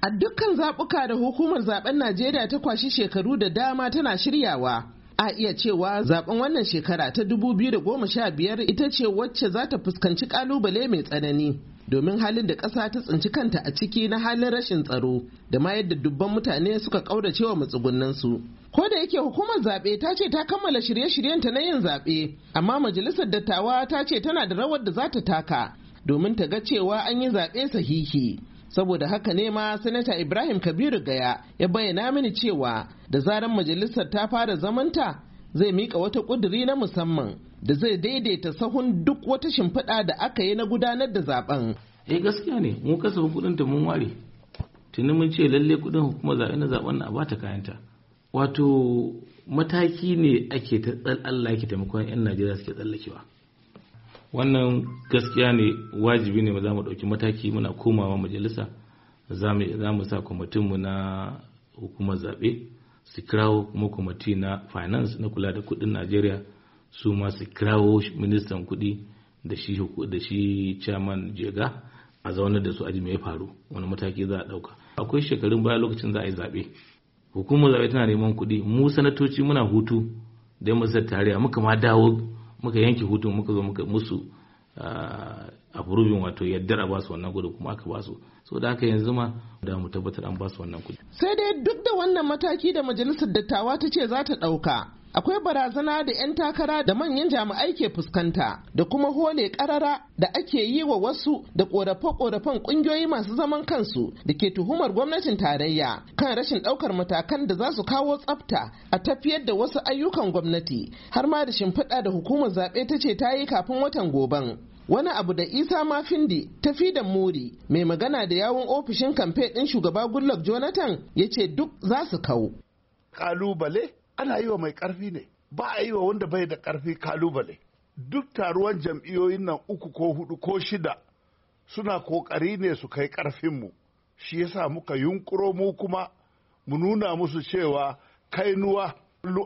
A dukkan zaɓuka da hukumar zaben Najeriya ta kwashi shekaru da dama tana shiryawa. A iya cewa zaben wannan shekara ta 2015 ita ce wacce za ta fuskanci kalubale mai tsanani. domin halin da ƙasa ta tsinci kanta a ciki na halin rashin tsaro da ma yadda dubban mutane suka ƙaurace wa matsugunninsu. Ko da yake hukumar zaɓe ta ce ta kammala shirye-shiryenta na yin zaɓe, amma majalisar dattawa ta ce tana da rawar da za ta taka domin ta ga cewa an yi zaɓe sahihi. saboda haka ne ma sanata ibrahim kabiru gaya ya bayyana mini cewa da zaran majalisar ta fara zamanta zai mika wata kuduri na musamman da zai daidaita sahun duk wata shimfiɗa da aka yi na gudanar da zaben eh gaskiya ne mu kasafin kuɗin ta mun ware tuni mun ce lalle kuɗin hukumar zaɓe na zaben na a bata kayanta wato mataki ne ake ta Allah ke taimakon 'yan Najeriya suke tsallakewa wannan gaskiya ne wajibi ne za mu ɗauki mataki muna komawa majalisa za mu sa kwamitinmu na hukumar zaɓe su kirawo kuma kwamiti na finance na kula da kuɗin najeriya su ma su kirawo ministan kuɗi da shi da shi chairman jega a zaunar da su aji me faru wani mataki za a ɗauka akwai shekarun baya lokacin za a yi zaɓe hukumar zaɓe tana neman kuɗi mu sanatoci muna hutu da mu tariya muka ma dawo muka yanke hutun muka zo muka musu a furubin wato yaddar a su wannan gudu kuma aka ba su. so da aka yanzu ma da mu tabbatar an ba su wannan kudi sai dai duk da wannan mataki da majalisar dattawa ta ce za ta ɗauka akwai barazana da 'yan takara da manyan jami'ai ke fuskanta da kuma hole karara da ake yi wa wasu da korafe-korafen kungiyoyi masu zaman kansu da ke tuhumar gwamnatin tarayya kan rashin daukar matakan da za su kawo tsafta a tafiyar da wasu ayyukan gwamnati har ma da shimfiɗa da hukumar zaɓe ta ce ta yi kafin watan goben wani abu da isa mafindi ta da muri mai magana da yawun ofishin kamfe ɗin shugaba goodluck jonathan ya ce duk za su kau kalubale ana yi wa mai karfi ne ba a yi wa wanda bai da karfi kalubale duk taruwan jam'iyoyin nan uku ko hudu ko shida suna ƙoƙari ne su kai ƙarfinmu shi yasa muka yunkuro mu kuma mu nuna musu cewa kainuwa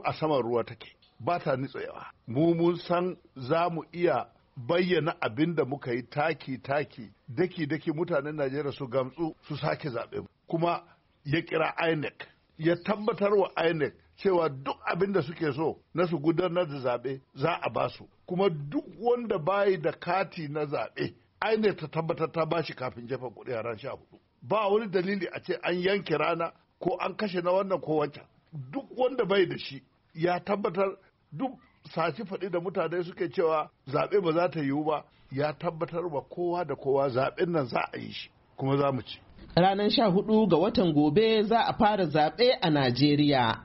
a saman ruwa take ba ta nitsewa mu mun san za mu iya bayyana abin da muka yi taki-taki daki-daki mutanen najeriya su gamsu su sake zaɓe kuma ya kira inec ya tabbatar wa INEC cewa duk abin da suke so na su gudanar da zaɓe za a ba su kuma duk wanda bayi da kati na zaɓe INEC ta tabbatar ta ba shi kafin jefa kuɗi a ran sha hudu ba wani dalili a ce an yanke rana ko an kashe na wannan ko wancan duk wanda bai da shi ya tabbatar duk sashi faɗi da mutane suke cewa zaɓe ba za ta yiwu ba ya tabbatar wa kowa da kowa zaɓen nan za a yi shi kuma za mu ci ranar sha hudu ga watan gobe za a fara zaɓe a Najeriya.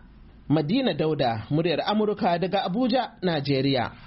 Madina Dauda, muryar Amurka daga Abuja, Najeriya.